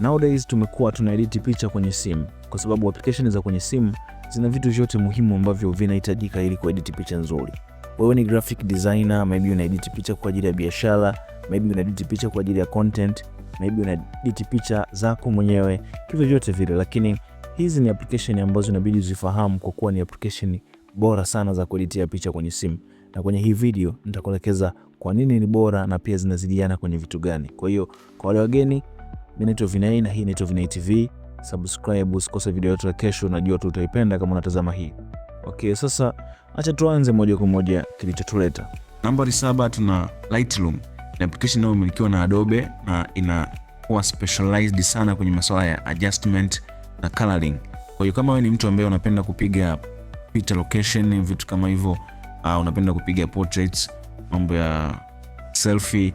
Nowadays tumekuwa edit picha kwenye simu kwa sababu application za kwenye simu zina vitu vyote muhimu ambavyo vinahitajika ili kuedit picha nzuri. Wewe ni graphic designer, maybe edit picha kwa ajili ya biashara, maybe edit picha kwa ajili ya content, maybe edit picha zako mwenyewe, hivyo vyote vile, lakini hizi ni application ambazo inabidi uzifahamu kwa kuwa ni application bora sana za kueditia picha kwenye simu, na kwenye hii video nitakuelekeza kwa nini ni bora na pia zinazidiana kwenye vitu gani. Kwa hiyo kwa wale wageni mimi naitwa Vinei na hii naitwa Vinei TV. Subscribe usikose video yetu ya kesho, najua tu utaipenda kama unatazama hii. Okay, sasa acha tuanze moja kwa moja kilichotuleta. Nambari saba tuna Lightroom. Ni application inayomilikiwa na Adobe na inakuwa specialized sana kwenye masuala ya adjustment na coloring. Kwa hiyo kama wewe ni mtu ambaye unapenda kupiga picha location, vitu kama hivyo, uh, unapenda kupiga portraits, mambo ya selfie,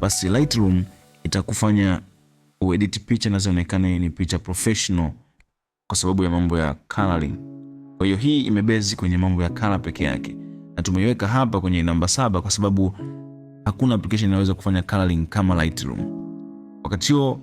basi Lightroom itakufanya uedit picha na zionekane ni picha professional kwa sababu ya mambo ya coloring. Kwa hiyo hii imebezi kwenye mambo ya color peke yake, na tumeiweka hapa kwenye namba saba kwa sababu hakuna application inaweza kufanya coloring kama Lightroom. Wakati huo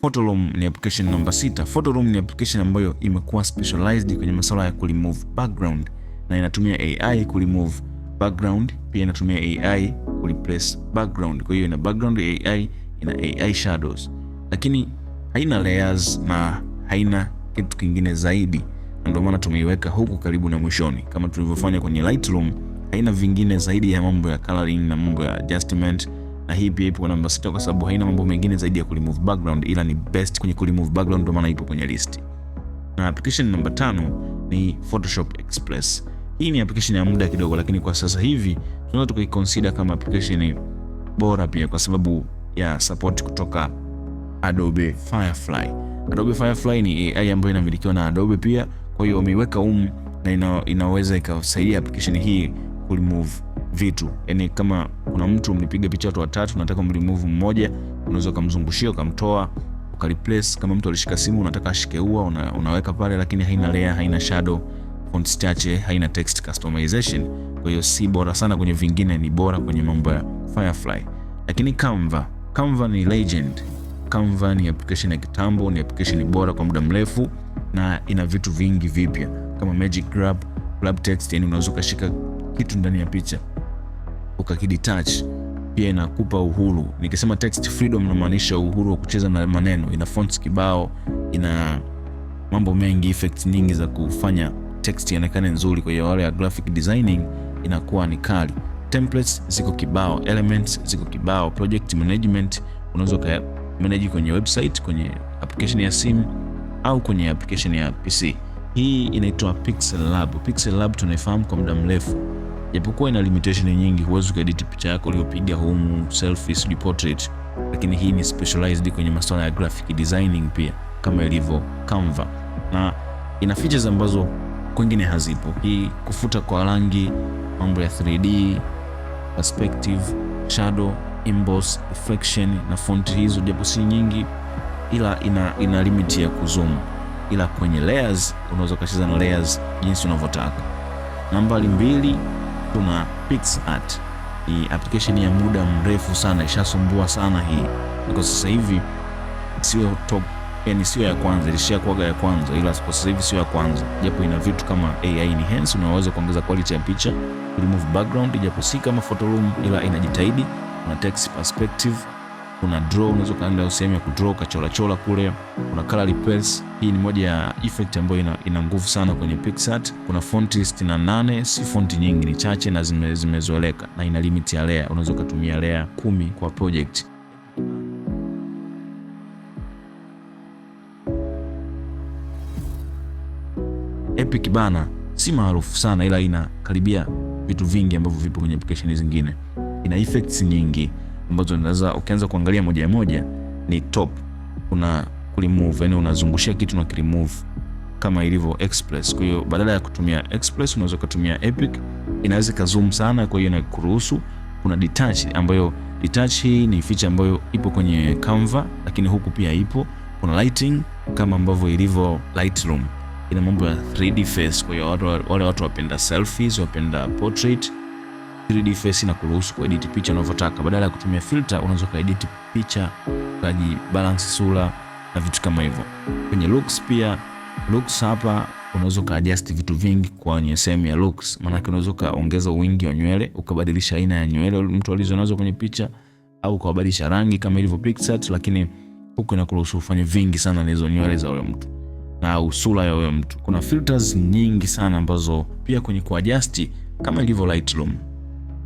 Photoroom ni application namba sita. Photoroom ni application ambayo imekuwa specialized kwenye masuala ya kuremove background na inatumia AI kuremove background, pia inatumia AI kureplace background. Kwa hiyo ina background AI, ina AI shadows lakini haina layers na haina kitu kingine zaidi, na ndio maana tumeiweka huku karibu na mwishoni kama tulivyofanya kwenye Lightroom. Haina vingine zaidi ya mambo ya coloring na mambo ya adjustment, na hii pia ipo namba sita kwa sababu haina mambo mengine zaidi ya kulimove background, ila ni best kwenye kulimove background, ndio maana ipo kwenye list. Na application namba tano ni Photoshop Express. Hii ni application ya muda kidogo, lakini kwa sasa hivi tunaweza tukaiconsider kama application bora pia kwa sababu ya support kutoka Adobe Firefly. Adobe Firefly ni AI ambayo inamilikiwa na Adobe pia, kwa hiyo wameiweka um na ina, inaweza ikasaidia application hii kulimove vitu. Yani kama kuna mtu mlipiga picha watu watatu, unataka mremove mmoja, unaweza ukamzungushia ukamtoa ukareplace. Kama mtu alishika simu, unataka ashike ua, una, unaweka pale, lakini haina layer, haina shadow font chache, haina text customization. Kwa hiyo si bora sana kwenye vingine, ni bora kwenye mambo ya Firefly. Lakini Canva, Canva ni legend Canva ni application ya kitambo, ni application bora kwa muda mrefu na ina vitu vingi vipya kama magic grab, grab text, yani unaweza ukashika kitu ndani ya picha ukakidetach. Pia inakupa uhuru. Nikisema text freedom, namaanisha uhuru wa kucheza na maneno. Ina fonts kibao, ina mambo mengi, effects nyingi za kufanya text ionekane nzuri. Kwa hiyo wale ya graphic designing inakuwa ni kali. Templates ziko kibao, elements ziko kibao, project management unaweza manage kwenye website, kwenye application ya simu au kwenye application ya PC. Hii inaitwa Pixel Lab. Pixel Lab tunaifahamu kwa muda mrefu, japokuwa ina limitation nyingi. Huwezi kuedit picha yako uliyopiga home, selfie, sijui portrait, lakini hii ni specialized kwenye masuala ya graphic designing pia kama ilivyo Canva, na ina features ambazo kwingine hazipo. Hii kufuta kwa rangi, mambo ya 3D, perspective, shadow emboss reflection na fonti hizo, japo si nyingi, ila ina, ina limit ya kuzoom, ila kwenye layers unaweza ukacheza na layers jinsi unavyotaka. Nambari mbili tuna PixArt. Ni application ya muda mrefu sana, ishasumbua sana hii, kwa sasa hivi sio top yani sio ya kwanza, ilishia ilishakuwaga ya kwanza, ila kwa sasa hivi sio ya kwanza, japo ina vitu kama AI enhance, unaweza kuongeza quality ya picha, remove background, japo si kama photo room, ila inajitahidi kuna text perspective, kuna draw, unaweza kaenda sehemu ya kudraw ukachora chora kule. Kuna color repels. hii ni moja ya effect ambayo ina, ina nguvu sana kwenye PicsArt. Kuna fonti 68, si font nyingi, ni chache na zimezoeleka zime na ina limit ya layer, unaweza kutumia layer kumi kwa project. Epic bana si maarufu sana ila ina karibia vitu vingi ambavyo vipo kwenye application zingine ina effects nyingi ambazo unaweza ukianza kuangalia moja ya moja, ni top una remove, yani unazungushia kitu na kiremove kama ilivyo Express. Kwa hiyo badala ya kutumia Express unaweza kutumia Epic, inaweza ka zoom sana, kwa hiyo inakuruhusu kuna detach, ambayo detach hii ni feature ambayo ipo kwenye Canva, lakini huku pia ipo. Kuna lighting kama ambavyo ilivyo Lightroom, ina mambo ya 3D face. Kwa hiyo wale watu wapenda selfies, wapenda portrait 3 d face na kuruhusu kuedit picha unavyotaka. Badala ya kutumia filter, unaweza kuedit picha kaji balance sura na vitu kama hivyo. Kwenye looks pia, looks hapa unaweza ukaadjust vitu vingi kwenye sehemu ya looks. Maana yake unaweza ukaongeza wingi wa nywele, ukabadilisha aina ya nywele mtu alizonazo kwenye picha, au ukabadilisha rangi kama ilivyo Pixart, lakini huku inakuruhusu ufanye vingi sana na hizo nywele za huyo mtu na usura ya huyo mtu. Kuna filters nyingi sana ambazo pia kwenye kuadjust kama ilivyo Lightroom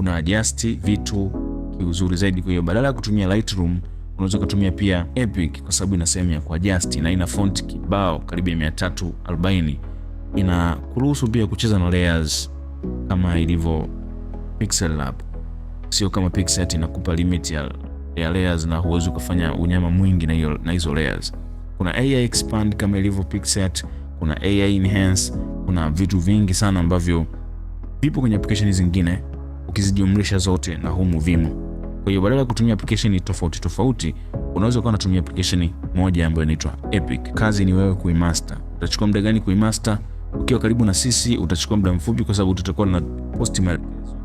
una adjust vitu kiuzuri zaidi. Kwa hiyo badala ya kutumia Lightroom unaweza ukatumia pia Epic kwa sababu ina sehemu ya kuadjust na ina font kibao karibu ya 340 ina kuruhusu pia kucheza na layers kama ilivyo Pixel Lab. Sio kama Pixel inakupa limit ya, ya layers na huwezi ukafanya unyama mwingi na, hiyo, na hizo layers. Kuna AI expand kama ilivyo Pixel, kuna AI enhance, kuna vitu vingi sana ambavyo vipo kwenye application zingine ukizijumlisha zote na humu vimo. Kwa hiyo badala ya kutumia application tofauti tofauti, unaweza kuwa unatumia application moja ambayo inaitwa Epic. Kazi ni wewe kuimaster. Utachukua muda gani kuimaster? Ukiwa karibu na sisi utachukua muda mfupi, kwa sababu tutakuwa na post maelekezo.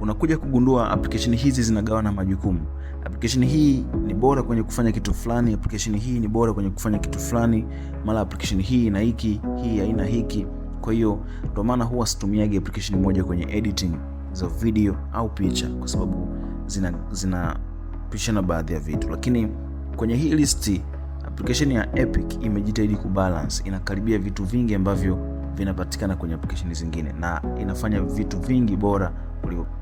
Unakuja kugundua application hizi zinagawana majukumu. Application hii ni bora kwenye kufanya kitu fulani, application hii ni bora kwenye kufanya kitu fulani, mara application hii na hiki, hii haina hiki. Kwa hiyo ndio maana huwa situmiagi application moja kwenye editing za video au picha, kwa sababu zinapishana zina baadhi ya vitu, lakini kwenye hii listi application ya Epic imejitahidi kubalance, inakaribia vitu vingi ambavyo vinapatikana kwenye application zingine na inafanya vitu vingi bora kuliko